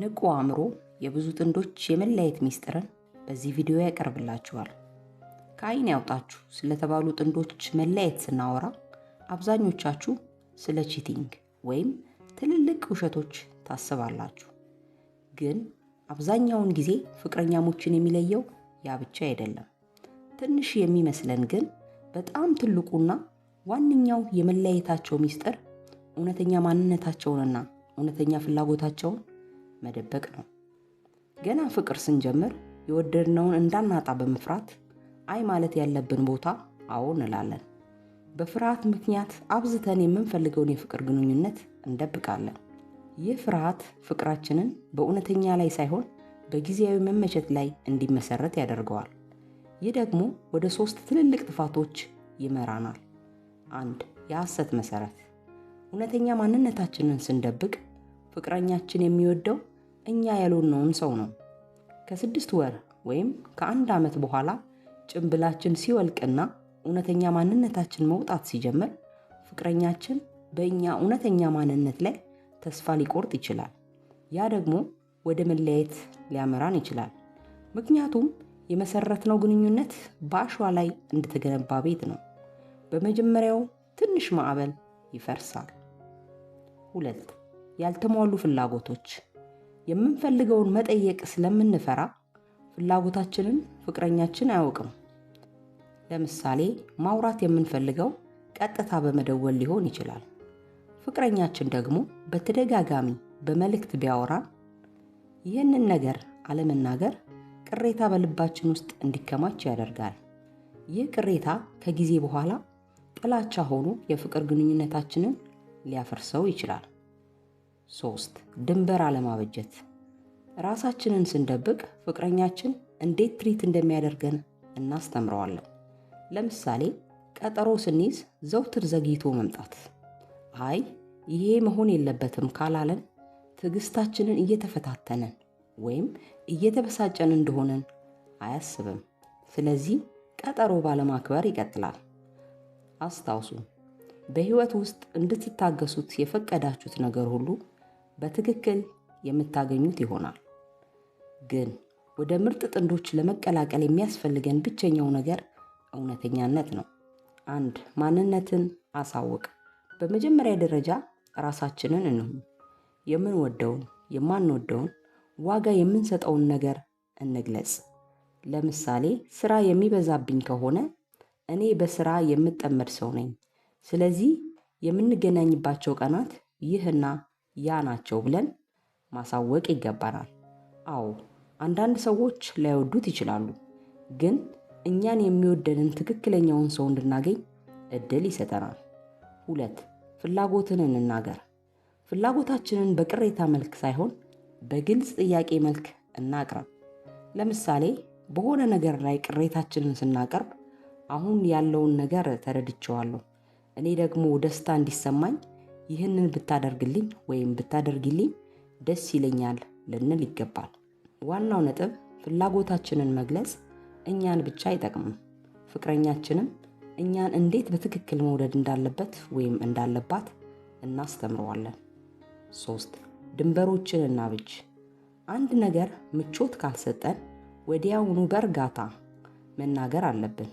ንቁ አእምሮ የብዙ ጥንዶች የመለያየት ሚስጥርን በዚህ ቪዲዮ ያቀርብላችኋል። ከአይን ያውጣችሁ ስለተባሉ ጥንዶች መለያየት ስናወራ አብዛኞቻችሁ ስለ ቺቲንግ ወይም ትልልቅ ውሸቶች ታስባላችሁ። ግን አብዛኛውን ጊዜ ፍቅረኛሞችን የሚለየው ያ ብቻ አይደለም። ትንሽ የሚመስለን ግን በጣም ትልቁና ዋነኛው የመለያየታቸው ሚስጥር እውነተኛ ማንነታቸውንና እውነተኛ ፍላጎታቸውን መደበቅ ነው። ገና ፍቅር ስንጀምር የወደድነውን እንዳናጣ በመፍራት አይ ማለት ያለብን ቦታ አዎ እንላለን። በፍርሃት ምክንያት አብዝተን የምንፈልገውን የፍቅር ግንኙነት እንደብቃለን። ይህ ፍርሃት ፍቅራችንን በእውነተኛ ላይ ሳይሆን በጊዜያዊ መመቸት ላይ እንዲመሰረት ያደርገዋል። ይህ ደግሞ ወደ ሶስት ትልልቅ ጥፋቶች ይመራናል። አንድ የሐሰት መሰረት። እውነተኛ ማንነታችንን ስንደብቅ ፍቅረኛችን የሚወደው እኛ ያልሆነውን ሰው ነው። ከስድስት ወር ወይም ከአንድ ዓመት በኋላ ጭንብላችን ሲወልቅና እውነተኛ ማንነታችን መውጣት ሲጀምር ፍቅረኛችን በእኛ እውነተኛ ማንነት ላይ ተስፋ ሊቆርጥ ይችላል። ያ ደግሞ ወደ መለያየት ሊያመራን ይችላል። ምክንያቱም የመሰረትነው ግንኙነት በአሸዋ ላይ እንደተገነባ ቤት ነው። በመጀመሪያው ትንሽ ማዕበል ይፈርሳል። ሁለት ያልተሟሉ ፍላጎቶች የምንፈልገውን መጠየቅ ስለምንፈራ ፍላጎታችንን ፍቅረኛችን አያውቅም። ለምሳሌ ማውራት የምንፈልገው ቀጥታ በመደወል ሊሆን ይችላል። ፍቅረኛችን ደግሞ በተደጋጋሚ በመልእክት ቢያወራን ይህንን ነገር አለመናገር ቅሬታ በልባችን ውስጥ እንዲከማች ያደርጋል። ይህ ቅሬታ ከጊዜ በኋላ ጥላቻ ሆኖ የፍቅር ግንኙነታችንን ሊያፈርሰው ይችላል። ሶስት ድንበር አለማበጀት። ራሳችንን ስንደብቅ ፍቅረኛችን እንዴት ትሪት እንደሚያደርገን እናስተምረዋለን። ለምሳሌ ቀጠሮ ስንይዝ ዘውትር ዘግይቶ መምጣት፣ አይ ይሄ መሆን የለበትም ካላለን ትዕግስታችንን እየተፈታተንን ወይም እየተበሳጨን እንደሆነን አያስብም። ስለዚህ ቀጠሮ ባለማክበር ይቀጥላል። አስታውሱ በሕይወት ውስጥ እንድትታገሱት የፈቀዳችሁት ነገር ሁሉ በትክክል የምታገኙት ይሆናል። ግን ወደ ምርጥ ጥንዶች ለመቀላቀል የሚያስፈልገን ብቸኛው ነገር እውነተኛነት ነው። አንድ ማንነትን አሳውቅ። በመጀመሪያ ደረጃ ራሳችንን እንሁን። የምንወደውን፣ የማንወደውን፣ ዋጋ የምንሰጠውን ነገር እንግለጽ። ለምሳሌ ስራ የሚበዛብኝ ከሆነ እኔ በስራ የምጠመድ ሰው ነኝ። ስለዚህ የምንገናኝባቸው ቀናት ይህና ያ ናቸው ብለን ማሳወቅ ይገባናል። አዎ አንዳንድ ሰዎች ላይወዱት ይችላሉ፣ ግን እኛን የሚወደንን ትክክለኛውን ሰው እንድናገኝ እድል ይሰጠናል። ሁለት ፍላጎትን እንናገር። ፍላጎታችንን በቅሬታ መልክ ሳይሆን በግልጽ ጥያቄ መልክ እናቅረብ። ለምሳሌ በሆነ ነገር ላይ ቅሬታችንን ስናቀርብ አሁን ያለውን ነገር ተረድቼዋለሁ፣ እኔ ደግሞ ደስታ እንዲሰማኝ ይህንን ብታደርግልኝ ወይም ብታደርግልኝ ደስ ይለኛል ልንል ይገባል። ዋናው ነጥብ ፍላጎታችንን መግለጽ እኛን ብቻ አይጠቅምም፣ ፍቅረኛችንም እኛን እንዴት በትክክል መውደድ እንዳለበት ወይም እንዳለባት እናስተምረዋለን። ሶስት ድንበሮችን እናብጅ። አንድ ነገር ምቾት ካልሰጠን ወዲያውኑ በእርጋታ መናገር አለብን።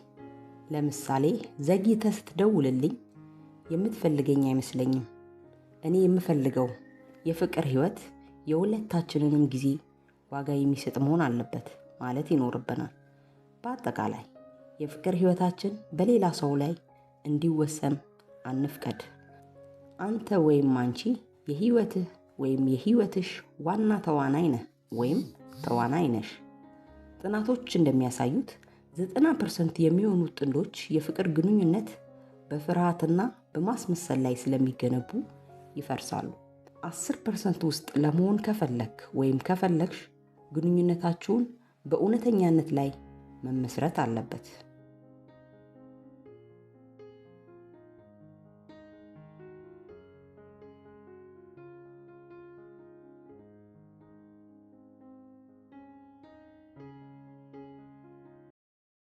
ለምሳሌ ዘግይተህ ስትደውልልኝ የምትፈልገኝ አይመስለኝም እኔ የምፈልገው የፍቅር ህይወት የሁለታችንንም ጊዜ ዋጋ የሚሰጥ መሆን አለበት ማለት ይኖርብናል። በአጠቃላይ የፍቅር ህይወታችን በሌላ ሰው ላይ እንዲወሰን አንፍቀድ። አንተ ወይም አንቺ የህይወትህ ወይም የህይወትሽ ዋና ተዋናይ ነህ ወይም ተዋናይ ነሽ። ጥናቶች እንደሚያሳዩት ዘጠና ፐርሰንት የሚሆኑት ጥንዶች የፍቅር ግንኙነት በፍርሃትና በማስመሰል ላይ ስለሚገነቡ ይፈርሳሉ። 10 ፐርሰንት ውስጥ ለመሆን ከፈለክ ወይም ከፈለግሽ ግንኙነታችሁን በእውነተኛነት ላይ መመስረት አለበት።